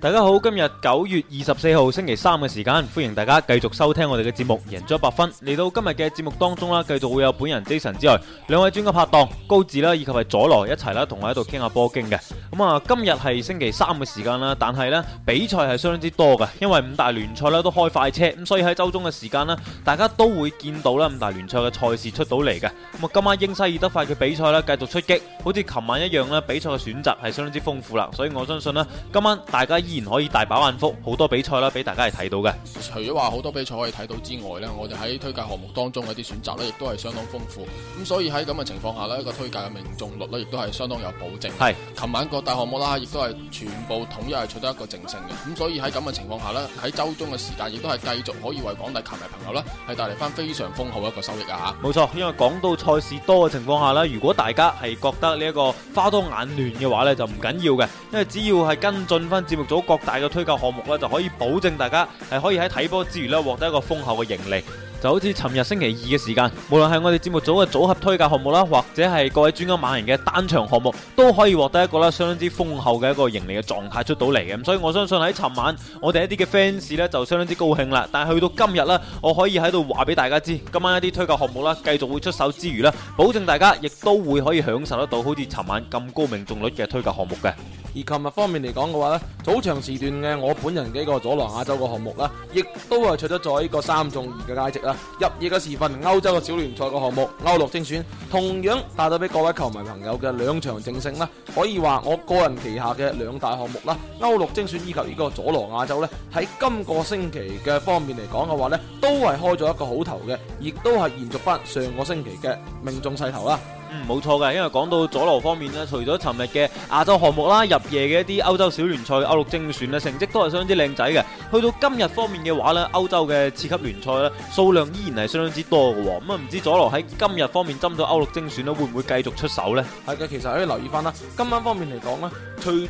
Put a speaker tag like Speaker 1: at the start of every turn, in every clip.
Speaker 1: 大家好，今日九月二十四號星期三嘅時間，歡迎大家繼續收聽我哋嘅節目贏足 100FUN。嚟到今日嘅節目當中啦，繼續會有本人 Jason 之外兩位專家拍檔高志啦，以及係佐羅一齊啦，同我喺度傾下波經嘅。咁啊，今日係星期三嘅時間啦，但係咧，比賽係相當之多嘅，因為五大聯賽咧都開快車，咁所以喺周中嘅時間咧，大家都會見到啦五大聯賽嘅賽事出到嚟嘅。咁啊，今晚英西爾德快嘅比賽咧，繼續出擊，好似琴晚一樣咧，比賽嘅選擇係相當之豐富啦，所以我相信咧，今晚大家依然可以大飽眼福，好多比賽啦俾大家係睇到嘅。
Speaker 2: 除咗話好多比賽可以睇到之外咧，我哋喺推介項目當中嘅啲選擇咧，亦都係相當豐富，咁所以喺咁嘅情況下呢一個推介嘅命中率咧亦都係相當有保證。係，琴晚嗰個大項目啦，亦都係全部統一係取得一個淨勝嘅，咁所以喺咁嘅情況下呢，喺周中嘅時間亦都係繼續可以為廣大球迷朋友呢係帶嚟翻非常豐厚一個收益啊！吓，
Speaker 1: 冇錯，因為講到賽事多嘅情況下呢，如果大家係覺得呢一個花多眼亂嘅話呢，就唔緊要嘅，因為只要係跟進翻節目組各大嘅推介項目呢，就可以保證大家係可以喺睇波之餘呢獲得一個豐厚嘅盈利。就好似尋日星期二嘅時間，無論係我哋節目組嘅組合推介項目啦，或者係各位專家馬人嘅單場項目，都可以獲得一個啦，相當之豐厚嘅一個盈利嘅狀態出到嚟嘅。咁所以我相信喺尋晚，我哋一啲嘅 fans 呢就相當之高興啦。但係去到今日啦，我可以喺度話俾大家知，今晚一啲推介項目啦，繼續會出手之餘啦，保證大家亦都會可以享受得到好似尋晚
Speaker 3: 咁高命中率嘅推介項目嘅。而琴日方面嚟講嘅話呢，早場時段嘅我本人幾個佐羅亞洲嘅項目啦，亦都係取得咗一個三中二嘅佳績入夜嘅時分，歐洲嘅小聯賽嘅項目歐陸精選，同樣帶到俾各位球迷朋友嘅兩場正勝啦，可以話我個人旗下嘅兩大項目啦，歐陸精選以及呢個佐羅亞洲咧，喺今個星期嘅方面嚟講嘅話咧，都係開咗一個好頭嘅，亦都係延續翻上個星期嘅命中勢頭啦。嗯，
Speaker 1: 冇錯嘅，因為講到佐羅方面咧，除咗尋日嘅亞洲項目啦，入夜嘅一啲歐洲小聯賽歐陸精選啊，成績都係相當之靚仔嘅。去到今日方面嘅話呢，歐洲嘅次級聯賽咧，數量依然係相當之多嘅。咁、嗯、啊，唔知佐羅喺今日方面針對歐陸精選咧，會唔會繼續出手呢？係嘅，其實可以留
Speaker 3: 意翻啦。今晚方面嚟講咧。除咗一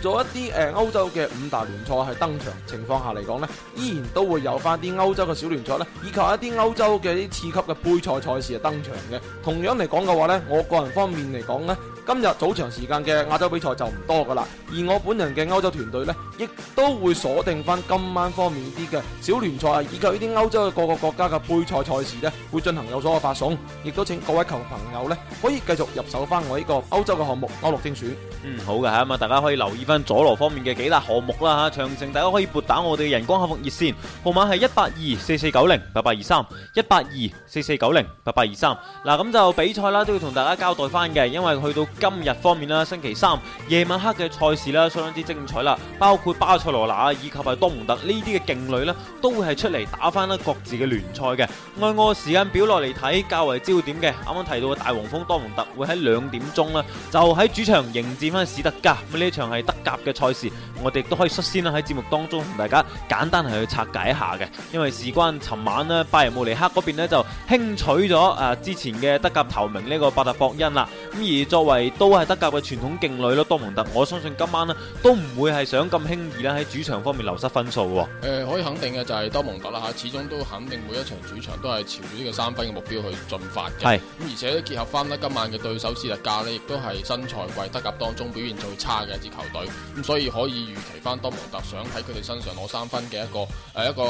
Speaker 3: 啲誒歐洲嘅五大聯賽係登場情況下嚟講咧，依然都會有翻啲歐洲嘅小聯賽咧，以及一啲歐洲嘅啲次級嘅杯賽賽事係登場嘅。同樣嚟講嘅話咧，我個人方面嚟講咧，今日早場時間嘅亞洲比賽就唔多噶啦。而我本人嘅歐洲團隊咧，亦都會鎖定翻今晚方面啲嘅小聯賽啊，以及呢啲歐洲嘅各個國家嘅杯賽賽事咧，會進行有所嘅發送。亦都請各位球友朋友咧，可以繼續入手翻我呢個歐洲嘅項目歐陸精選。嗯，
Speaker 1: 好嘅嚇，咁啊大家可以，留意翻佐羅方面嘅幾大項目啦吓，詳情大家可以撥打我哋嘅人工客服熱線號碼係一八二四四九零八八二三一八二四四九零八八二三。嗱咁就比賽啦，都要同大家交代翻嘅，因為去到今日方面啦，星期三夜晚黑嘅賽事啦相當之精彩啦，包括巴塞羅那以及係多蒙特呢啲嘅勁旅呢，都會係出嚟打翻啦各自嘅聯賽嘅。按我嘅時間表落嚟睇，較為焦點嘅，啱啱提到嘅大黃蜂多蒙特會喺兩點鐘啦，就喺主場迎戰翻史特加咁呢場。係德甲嘅賽事，我哋都可以率先啦喺節目當中同大家簡單係去拆解一下嘅，因為事關尋晚呢，拜仁慕尼黑嗰邊呢，就輕取咗啊之前嘅德甲頭名呢個巴特博恩啦，咁而作為都係德甲嘅傳統勁旅咯多蒙特，我相信今晚呢，都唔會係想咁輕易啦喺主場方面流失分數
Speaker 2: 嘅。哦。誒、呃，可以肯定嘅就係多蒙特啦吓，始終都肯定每一場主場都係朝住呢個三分嘅目標去進發嘅。係是，咁而且結合翻呢，今晚嘅對手斯德加呢，亦都係新賽季德甲當中表現最差嘅球隊咁、嗯，所以可以預期翻多蒙特想喺佢哋身上攞三分嘅一個、呃、一個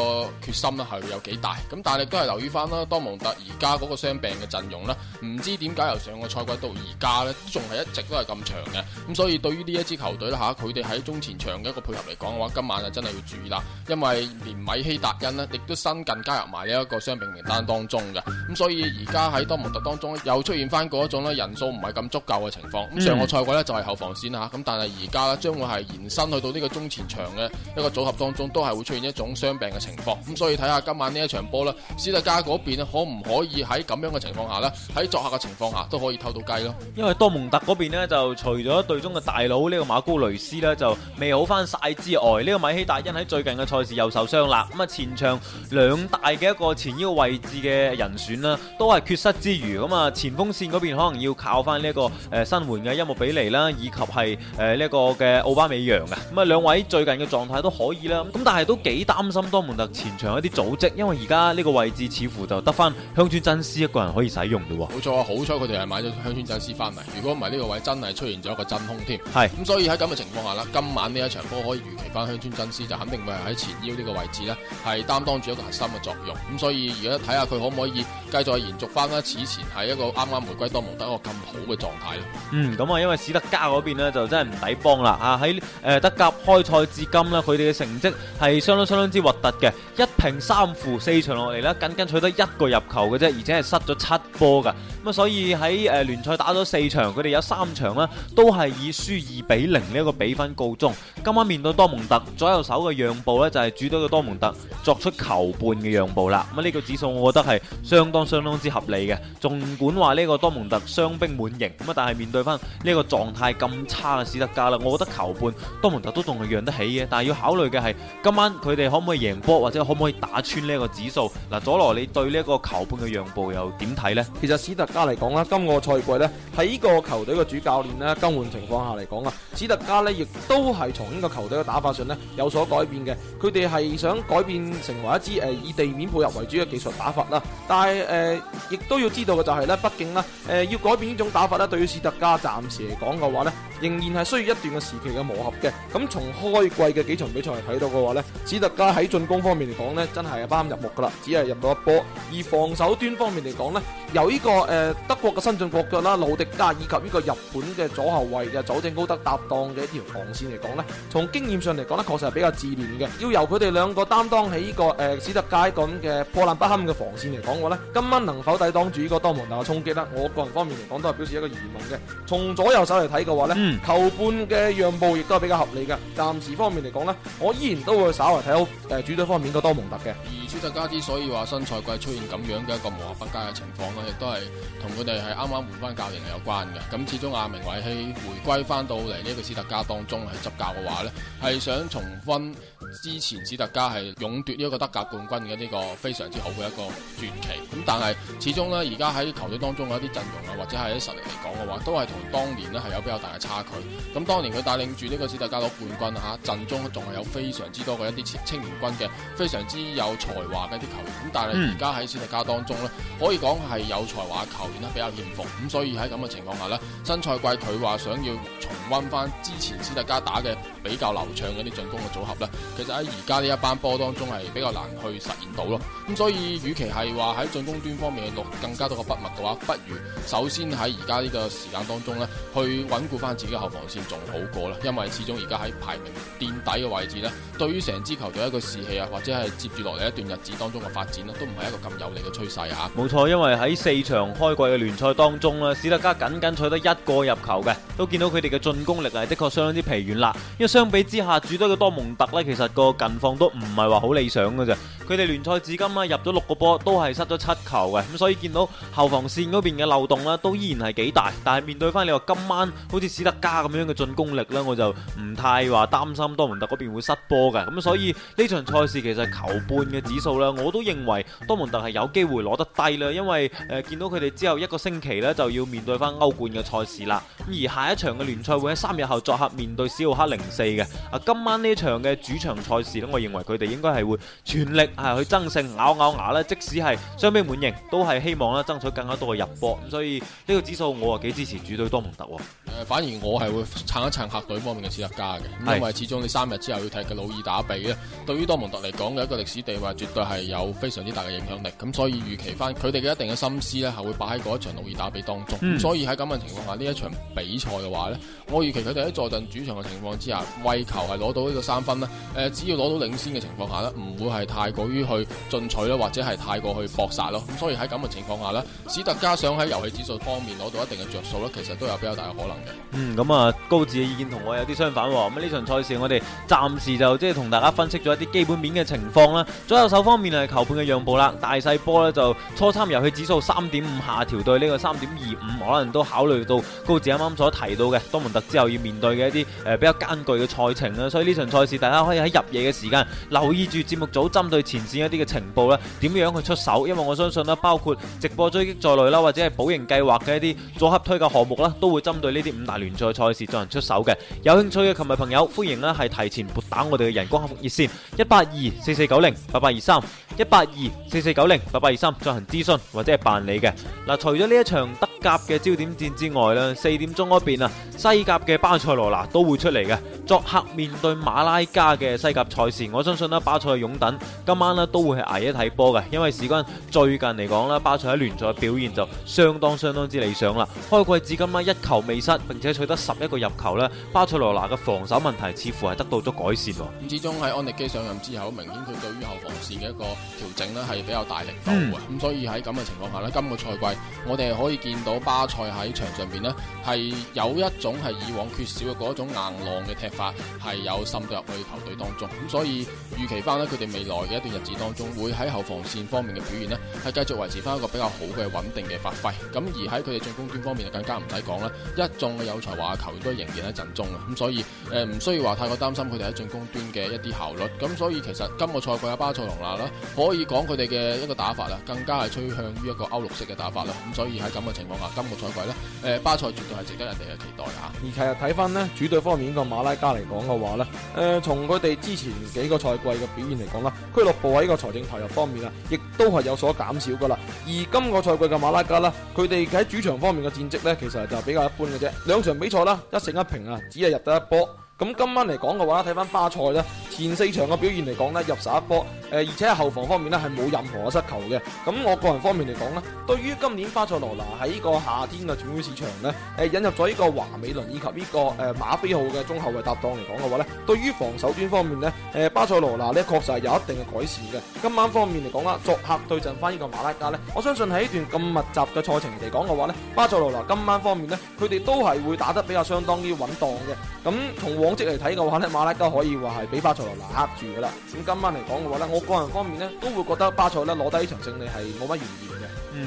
Speaker 2: 決心係會有幾大咁、嗯，但係都係留意翻啦，多蒙特而家嗰個傷病嘅陣容呢，唔知點解由上個賽季到而家呢，仲係一直都係咁長嘅咁、嗯，所以對於呢一支球隊啦吓佢哋喺中前場嘅一個配合嚟講嘅話，今晚係真係要注意啦，因為連米希達恩呢，亦都新近加入埋呢一個傷病名單當中嘅，咁、嗯、所以而家喺多蒙特當中呢又出現翻嗰一種呢，人數唔係咁足夠嘅情況，咁、嗯、上個賽季呢，就係、是、後防線。啦、啊、咁但係而家，啦，將會延伸去到呢個中前場嘅一個組合當中，都係會出現一種傷病嘅情況。咁所以睇下今晚呢一場波咧，史特加嗰邊可唔可以喺咁樣嘅情況下呢，喺作客嘅情況下都可以偷到雞咯。
Speaker 1: 因為多蒙特嗰邊咧就除咗隊中嘅大佬呢個馬高雷斯呢，就未好翻晒之外，呢、這個米希達因喺最近嘅賽事又受傷啦。咁啊前場兩大嘅一個前腰位置嘅人選啦，都係缺失之餘，咁啊前鋒線嗰邊可能要靠翻呢一個、呃、新援嘅音樂比例啦，以及係誒呢一個。嘅奧巴美揚啊，咁啊兩位最近嘅狀態都可以啦，咁但係都幾擔心多蒙特前場一啲組織，因為而家呢個位置似乎就得翻香川真司一個人可以使用嘅，冇
Speaker 2: 錯啊，好彩佢哋係買咗香川真司翻嚟，如果唔係呢個位真係出現咗一個真空添，係是，咁、嗯、所以喺咁嘅情況下啦，今晚呢一場波可以預期翻香川真司就肯定會喺前腰呢個位置咧，係擔當住一個核心嘅作用，咁、嗯、所以而家睇下佢可唔可以繼續延續翻啦，此前係一個啱啱回歸多蒙特一個咁好嘅狀態咯，嗯，咁啊因為史德加
Speaker 1: 嗰邊咧就真係唔抵幫。啊喺誒德甲開賽至今咧，佢哋嘅成績係相當相當之核突嘅，一平三負四場落嚟咧，僅僅取得一個入球嘅啫，而且係失咗七波噶。咁啊，所以喺誒聯賽打咗四場，佢哋有三場啦，都係以輸二比零呢一個比分告終。今晚面對多蒙特，左右手嘅讓步呢，就係主隊嘅多蒙特作出球半嘅讓步啦。咁、這、呢個指數我覺得係相當相當之合理嘅。仲管話呢個多蒙特傷兵滿營，咁啊，但係面對翻呢個狀態咁差嘅史德加啦。冇得球半多蒙特都仲係讓得起嘅，但係要考慮嘅係今晚佢哋可唔可以贏波，或者可唔可以打穿呢一個指數。嗱，佐羅，你對呢一個球半嘅讓步又
Speaker 3: 點睇呢？其實史特加嚟講啦，今個賽季呢，喺個球隊嘅主教練呢，更換情況下嚟講啊，史特加呢亦都係從呢個球隊嘅打法上呢有所改變嘅。佢哋係想改變成為一支誒以地面配合為主嘅技術打法啦，但係誒亦都要知道嘅就係、是、呢，畢竟呢，誒、呃、要改變呢種打法呢，對於史特加暫時嚟講嘅話呢，仍然係需要一段。時期嘅磨合嘅，咁從開季嘅幾場比賽嚟睇到嘅話呢，史特加喺進攻方面嚟講呢，真係不堪入目噶啦，只係入到一波。而防守端方面嚟講呢，由呢、這個誒、呃、德國嘅新晉國腳啦，魯迪加以及呢個日本嘅左後衛嘅酒井高德搭檔嘅一條防綫嚟講呢，從經驗上嚟講呢，確實係比較稚嫩嘅。要由佢哋兩個擔當起呢、這個誒、呃、史特加咁嘅破爛不堪嘅防綫嚟講嘅話呢，今晚能否抵擋住呢個多門大嘅衝擊呢？我個人方面嚟講都係表示一個疑問嘅。從左右手嚟睇嘅話呢，頭半嘅嘅讓步亦都係比較合理嘅。暫時方面嚟講呢，我依然都會稍為睇好主隊方面嘅多蒙特嘅。而
Speaker 2: 斯特加之所以話新賽季出現咁樣嘅一個磨合不佳嘅情況呢，亦都係同佢哋係啱啱換翻教練有關嘅。咁始終阿明偉希回歸翻到嚟呢個斯特加當中係執教嘅話呢，係想重複之前斯特加係勇奪呢個德甲冠軍嘅呢個非常之好嘅一個傳奇。咁但係始終呢，而家喺球隊當中嘅一啲陣容啊，或者係實力嚟講嘅話，都係同當年呢係有比較大嘅差距。咁當年。佢帶領住呢個斯特加攞冠軍啊！吓陣中仲係有非常之多嘅一啲青年軍嘅，非常之有才華嘅一啲球員。咁但係而家喺斯特加當中咧，可以講係有才華嘅球員咧比較欠奉。咁所以喺咁嘅情況下咧，新賽季佢話想要重溫翻之前斯特加打嘅比較流暢嘅啲進攻嘅組合咧，其實喺而家呢一班波當中係比較難去實現到咯。咁所以與其係話喺進攻端方面嘅錄更加多個筆墨嘅話，不如首先喺而家呢個時間當中咧，去穩固翻自己嘅後防先仲好。好過啦，因為始終而家喺排名墊底嘅位置呢，對於成支球隊一個士氣啊，或者係接住落嚟一段日子當中嘅發展呢，都唔係一個咁有利嘅趨勢啊。
Speaker 1: 冇錯，因為喺四場開季嘅聯賽當中咧，史特加僅僅取得一個入球嘅，都見到佢哋嘅進攻力係的確相當之疲軟啦。因為相比之下，主隊嘅多蒙特呢，其實個近況都唔係話好理想嘅啫。佢哋聯賽至今啊，入咗六個波，都係失咗七球嘅，咁所以見到後防線嗰邊嘅漏洞咧，都依然係幾大。但係面對翻你話今晚好似史特加咁樣嘅進攻力呢，我就唔太話擔心多蒙特嗰邊會失波嘅。咁所以呢場賽事其實是球半嘅指數咧，我都認為多蒙特係有機會攞得低啦，因為誒，見到佢哋之後一個星期呢，就要面對翻歐冠嘅賽事啦。而下一場嘅聯賽會喺三日後作客面對史奧克零四嘅。啊，今晚呢場嘅主場賽事呢，我認為佢哋應該係會全力，係去、啊、爭勝咬咬牙咧，即使係雙兵滿營，都係希望咧爭
Speaker 2: 取更加多嘅入波。咁所以呢個指數我啊幾支持主隊多蒙特。誒，反而我係會撐一撐客隊方面嘅史特加嘅，是因為始終你三日之後要踢嘅魯爾打比咧，對於多蒙特嚟講嘅一個歷史地位絕對係有非常之大嘅影響力。咁所以預期翻佢哋嘅一定嘅心思咧，係會擺喺嗰一場魯爾打比當中。嗯、所以喺咁嘅情況下，呢一場比賽嘅話咧，我預期佢哋喺坐鎮主場嘅情況之下，為求係攞到呢個三分咧，誒，只要攞到領先嘅情況下咧，唔會係太過。於去進取咧，或者係太過去搏殺咯，咁所以喺咁嘅情況下咧，史特加想喺遊戲指數方面攞到一定嘅著數咧，其實都有比較大嘅可能嘅。
Speaker 1: 嗯，咁啊，高智嘅意見同我有啲相反喎。咁呢場賽事我哋暫時就即係同大家分析咗一啲基本面嘅情況啦。左右手方面係球盤嘅讓步啦，大細波呢，就初參遊戲指數三點五下調到呢個三點二五，可能都考慮到高智啱啱所提到嘅多蒙特之後要面對嘅一啲誒、比較艱巨嘅賽程啦。所以呢場賽事大家可以喺入夜嘅時間留意住節目組針對前線一啲嘅情報啦，點樣去出手？因為我相信包括直播追擊在內啦，或者係保營計劃嘅一啲組合推介項目啦，都會針對呢啲五大聯賽賽事進行出手嘅。有興趣嘅球迷朋友，歡迎呢係提前撥打我哋嘅人工客服熱線一八二四四九零八八二三一八二四四九零八八二三進行諮詢或者係辦理嘅。嗱，除咗呢一場德甲嘅焦點戰之外，四點鐘嗰邊啊，西甲嘅巴塞羅那都會出嚟嘅，作客面對馬拉加嘅西甲賽事，我相信啦，巴塞勇等今晚呢都會係捱一睇波嘅，因為事關最近嚟講呢巴塞喺聯賽表現就相當相當之理想啦。開季至今呢一球未失，並且取得十一個入球呢巴塞羅那嘅防守問題似乎係得到咗改善。咁
Speaker 2: 始終喺安迪基上任之後，明顯佢對於後防線嘅一個調整呢係比較大力度嘅，咁所以喺咁嘅情況下呢今個賽季我哋可以見到巴塞喺場上邊呢係有一種係以往缺少嘅嗰種硬朗嘅踢法係有滲入去球隊當中。咁所以預期翻呢，佢哋未來嘅一日子當中，會喺後防線方面嘅表現呢，係繼續維持翻一個比較好嘅穩定嘅發揮。咁而喺佢哋進攻端方面，就更加唔使講啦，一眾嘅有才華球員都仍然喺陣中啊。咁所以誒，唔需要話太過擔心佢哋喺進攻端嘅一啲效率。咁所以其實今個賽季阿巴塞隆拿啦，可以講佢哋嘅一個打法啊，更加係趨向於一個歐陸式嘅打法
Speaker 3: 啦。咁所以喺咁嘅情況下，今個賽季呢，
Speaker 2: 誒巴塞絕對係值得人哋嘅期待嚇。
Speaker 3: 而其實睇睇翻呢主隊方面，呢個馬拉加嚟講嘅話呢，誒、呃、從佢哋之前幾個賽季嘅表現嚟講啦，不過喺個財政投入方面啊，亦都係有所減少噶啦。而今個賽季嘅馬拉加啦，佢哋喺主場方面嘅戰績咧，其實就是比較一般嘅啫。兩場比賽啦，一勝一平啊，只係入得一波。咁今晚嚟講嘅話，睇翻巴塞啦，前四場嘅表現嚟講咧，入十一波。誒而且係後防方面咧，係冇任何嘅失球嘅。咁我個人方面嚟講呢，對於今年巴塞羅那喺個夏天嘅轉會市場呢，誒引入咗呢個華美倫以及呢個誒馬菲浩嘅中後衞搭檔嚟講嘅話呢，對於防守端方面呢，誒巴塞羅那咧確實係有一定嘅改善嘅。今晚方面嚟講啦，作客對陣翻呢個馬拉加呢，我相信喺一段咁密集嘅賽程嚟講嘅話呢，巴塞羅那今晚方面呢，佢哋都係會打得比較相當啲穩當嘅。咁從往績嚟睇嘅話呢，馬拉加可以話係畀巴塞羅那黑住噶啦。咁今晚嚟講嘅話呢。個人方面咧，都會覺得巴塞咧攞低呢場勝利係冇乜意義。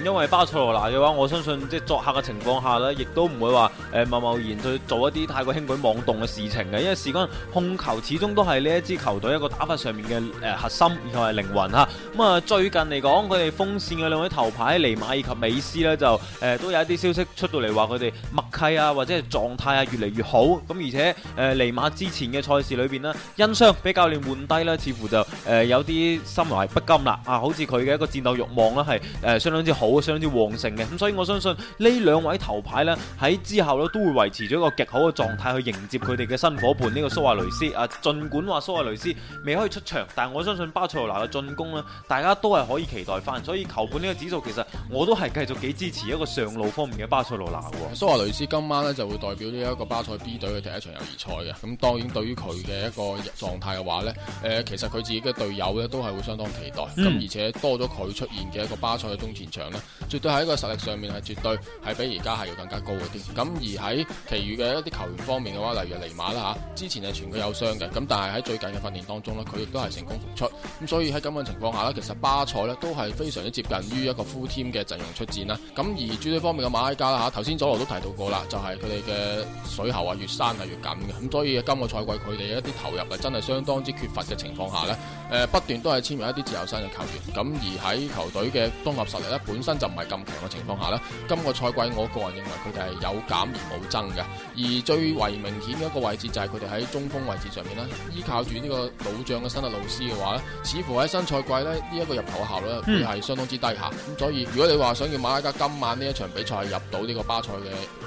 Speaker 1: 因為巴塞羅那嘅話，我相信即係作客嘅情況下咧，亦都唔會話誒貿貿然去做一啲太過輕舉妄動嘅事情嘅。因為事關控球，始終都係呢一支球隊一個打法上面嘅誒、呃、核心，然後係靈魂吓。咁啊，最近嚟講，佢哋鋒線嘅兩位頭牌尼馬以及美斯咧，就誒、呃、都有一啲消息出到嚟，話佢哋默契啊，或者係狀態啊越嚟越好。咁而且誒、呃、尼馬之前嘅賽事裏邊咧，因傷俾教練換低咧，似乎就誒、呃、有啲心懷不甘啦。啊，好似佢嘅一個戰鬥慾望咧，係誒相當之。好，相當之旺盛嘅，咁所以我相信呢兩位頭牌咧，喺之後咧都會維持咗一個極好嘅狀態去迎接佢哋嘅新伙伴，呢個蘇亞雷斯啊。盡管話蘇亞雷斯未可以出場，但係我相信巴塞羅那嘅進攻咧，大家都係可以期待翻。所以球盤呢個指數其實我都係繼續幾支持一個上路方面嘅巴塞羅那。
Speaker 2: 蘇亞雷斯今晚咧就會代表呢一個巴塞 B 隊嘅第一場友誼賽嘅，咁當然對於佢嘅一個狀態嘅話咧，誒、呃、其實佢自己嘅隊友咧都係會相當期待，咁、嗯、而且多咗佢出現嘅一個巴塞嘅中前場啦，絕對喺一個實力上面係絕對係，比而家係要更加高啲。咁而喺其餘嘅一啲球員方面嘅話，例如尼馬啦嚇，之前係傳佢有傷嘅，咁但係喺最近嘅訓練當中呢，佢亦都係成功復出。咁所以喺咁嘅情況下呢，其實巴塞呢都係非常之接近於一個 full team 嘅陣容出戰啦。咁而主隊方面嘅馬拉加啦嚇，頭先佐羅都提到過啦，就係佢哋嘅水喉啊越閂係越緊嘅。咁所以今個賽季佢哋一啲投入係真係相當之缺乏嘅情況下呢，誒不斷都係簽入一啲自由身嘅球員。咁而喺球隊嘅綜合實力咧，本身就唔係咁強嘅情況下咧，今個賽季我個人認為佢哋係有減而冇增嘅，而最為明顯嘅一個位置就係佢哋喺中鋒位置上面啦，依靠住呢個老將嘅新嘅老師嘅話咧，似乎喺新賽季咧呢一個入球效率會係相當之低下。咁、嗯、所以如果你話想要馬拉加今晚呢一場比賽入到呢個巴塞嘅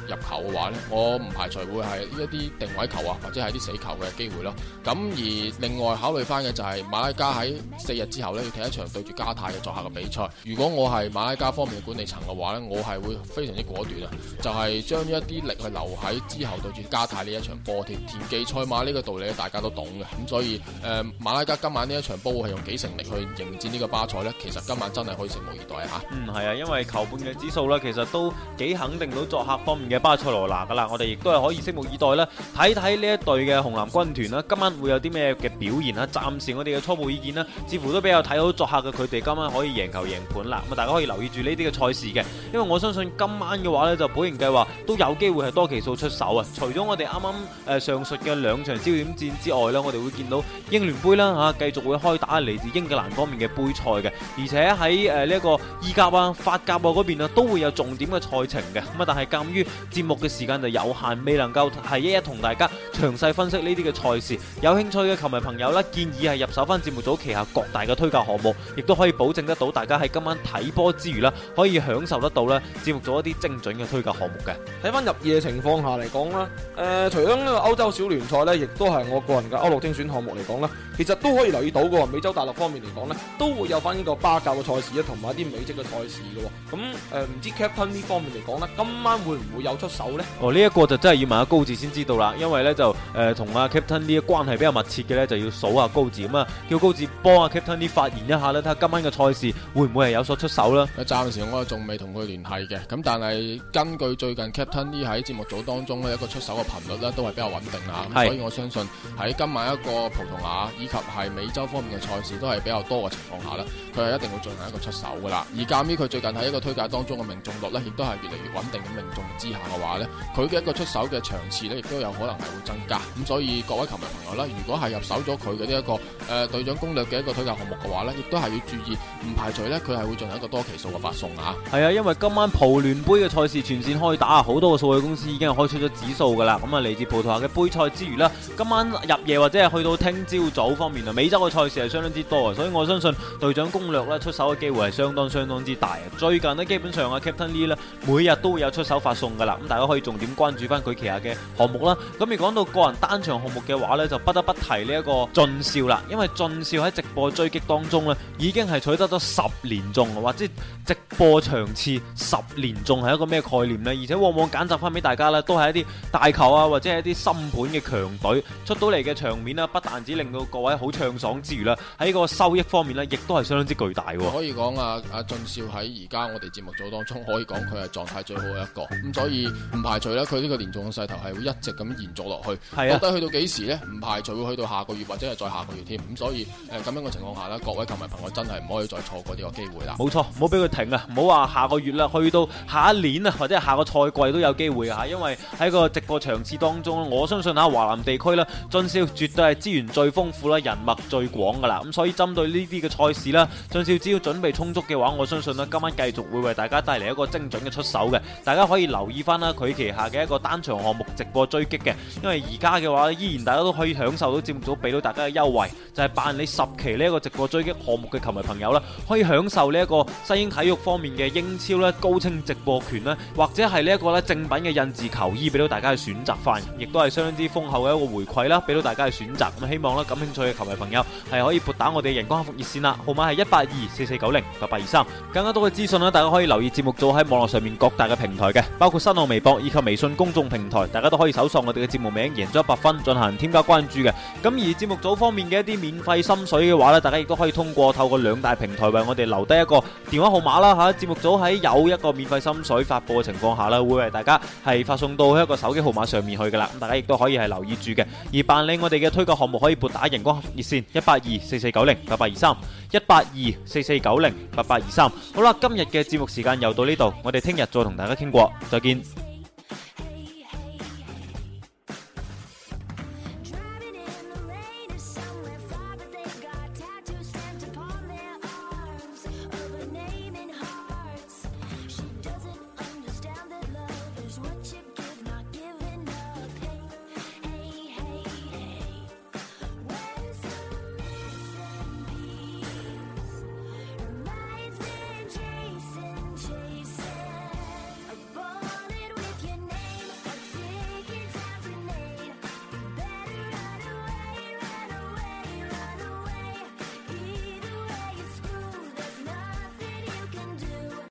Speaker 2: 入球嘅話咧，我唔排除會係呢一啲定位球啊，或者係啲死球嘅機會咯。咁而另外考慮翻嘅就係馬拉加喺四日之後咧，要踢一場對住加泰嘅作客嘅比賽，如果我係馬。加方面嘅管理層嘅話呢，我係會非常之果斷啊，就係、是、將一啲力去留喺之後對住加泰呢一場波，添田忌賽馬呢個道理，大家都懂嘅。咁所以誒、呃，馬拉加今晚呢一場波係用幾成力去迎戰呢個巴塞呢？其實今晚真係可以拭目以待啊！吓，嗯，係
Speaker 1: 啊，因為球盤嘅指數呢，其實都幾肯定到作客方面嘅巴塞羅那噶啦。我哋亦都係可以拭目以待啦，睇睇呢一隊嘅紅藍軍團啦，今晚會有啲咩嘅表現啦？暫時我哋嘅初步意見啦，似乎都比較睇好作客嘅佢哋今晚可以贏球贏盤啦。咁大家可以留。住呢啲嘅賽事嘅，因為我相信今晚嘅話咧就保贏計劃都有機會係多期數出手啊！除咗我哋啱啱誒上述嘅兩場焦點戰之外咧，我哋會見到英聯杯啦吓，繼續會開打嚟自英格蘭方面嘅杯賽嘅，而且喺誒呢個意甲啊、法甲啊嗰邊啊都會有重點嘅賽程嘅咁啊，但係鑑於節目嘅時間就有限，未能夠係一一同大家詳細分析呢啲嘅賽事。有興趣嘅球迷朋友咧，建議係入手翻節目組旗下各大嘅推介項目，亦都可以保證得到大家喺今晚睇波之可以享受得到咧，
Speaker 3: 接獲咗一啲精準嘅推介項目嘅。睇翻入夜嘅情況下嚟講啦，誒、呃，除咗呢個歐洲小聯賽咧，亦都係我個人嘅歐陸精選項目嚟講啦。其實都可以留意到嘅。美洲大陸方面嚟講咧，都會有翻呢個巴教嘅賽事，一同埋一啲美職嘅賽事嘅。咁誒，唔、呃、知 Captain 呢方面嚟講呢，今晚會唔會有出手呢？
Speaker 1: 哦，呢、這、一個就真係要問阿高智先知道啦，因為咧就誒，同、呃、阿 Captain 呢一關係比較密切嘅咧，就要數下高智咁啊，叫高智幫阿 Captain
Speaker 2: 呢發言一下啦，睇下今晚嘅賽事會唔會係有所出手啦。暫時我仲未同佢聯繫嘅，咁但係根據最近 Captain l e 喺節目組當中咧一個出手嘅頻率咧都係比較穩定嚇，咁是所以我相信喺今晚一個葡萄牙以及係美洲方面嘅賽事都係比較多嘅情況下咧，佢係一定會進行一個出手㗎啦。而鑑於佢最近喺一個推介當中嘅命中率咧，亦都係越嚟越穩定嘅命中之下嘅話咧，佢嘅一個出手嘅場次咧，亦都有可能係會增加。咁所以各位球迷朋友咧，如果係入手咗佢嘅呢一個誒、呃、隊長攻略嘅一個推介項目嘅話咧，亦都係要注意，唔排除咧佢係會進行一個多期數。發送啊！
Speaker 1: 係啊，因為今晚葡聯盃嘅賽事全線開打，好多個數據公司已經係開出咗指數噶啦。咁啊，嚟自葡萄牙嘅盃賽之餘啦，今晚入夜或者係去到聽朝早方面啊，美洲嘅賽事係相當之多啊，所以我相信隊長攻略咧出手嘅機會係相當相當之大啊。最近呢基本上啊，Captain Lee 呢每日都會有出手發送噶啦，咁大家可以重點關注翻佢旗下嘅項目啦。咁而講到個人單場項目嘅話呢，就不得不提呢一個進少啦，因為進少喺直播追擊當中呢已經係取得咗十連中或者。直播場次十連中係一個咩概念呢？而且往往揀集翻俾大家呢，都係一啲大球啊，或者係一啲新盤嘅強隊出到嚟嘅場面呢，不但止令到各位好暢爽之餘啦，喺個收益方面呢，亦都係相當之巨大嘅啊。可以
Speaker 2: 講啊，阿俊少喺而家我哋節目組當中可以講佢係狀態最好嘅一個，咁所以唔排除呢，佢呢個連中嘅勢頭係會一直咁延續落去。係啊，到底去到幾時呢？唔排除會去到下個月或者係再下個月添。咁所以誒咁、呃、樣嘅情況下呢，各位球迷朋友真係唔可以再錯過呢個機會啦。冇
Speaker 1: 錯，唔好俾佢。停啊！唔好話下個月啦，去到下一年啊，或者下個賽季都有機會吓，因為喺個直播場次當中，我相信喺華南地區啦，俊少絕對係資源最豐富啦，人脈最廣噶啦，咁所以針對呢啲嘅賽事啦，俊少只要準備充足嘅話，我相信咧今晚繼續會為大家帶嚟一個精準嘅出手嘅，大家可以留意翻啦，佢旗下嘅一個單場項目直播追擊嘅，因為而家嘅話依然大家都可以享受到節目組俾到大家嘅優惠，就係、是、辦理十期呢一個直播追擊項目嘅球迷朋友啦，可以享受呢一個新英體。體育方面嘅英超咧高清直播權咧，或者係呢一個咧正品嘅印字球衣俾到大家去選擇翻，亦都係相當之豐厚嘅一個回饋啦，俾到大家去選擇。咁希望呢，感興趣嘅球迷朋友係可以撥打我哋嘅陽光客服熱線啦，號碼係一八二四四九零八八二三。更加多嘅資訊咧，大家可以留意節目組喺網絡上面各大嘅平台嘅，包括新浪微博以及微信公眾平台，大家都可以搜索我哋嘅節目名《贏足 100FUN》進行添加關注嘅。咁而節目組方面嘅一啲免費心水嘅話咧，大家亦都可以通過透過兩大平台為我哋留低一個電話號碼。啦吓，節目組喺有一個免費心水發佈嘅情況下咧，會為大家係發送到一個手機號碼上面去噶啦，咁大家亦都可以係留意住嘅。而辦理我哋嘅推介項目，可以撥打陽光熱線一八二四四九零八八二三一八二四四九零八八二三。好啦，今日嘅節目時間又到呢度，我哋聽日再同大家傾過，再見。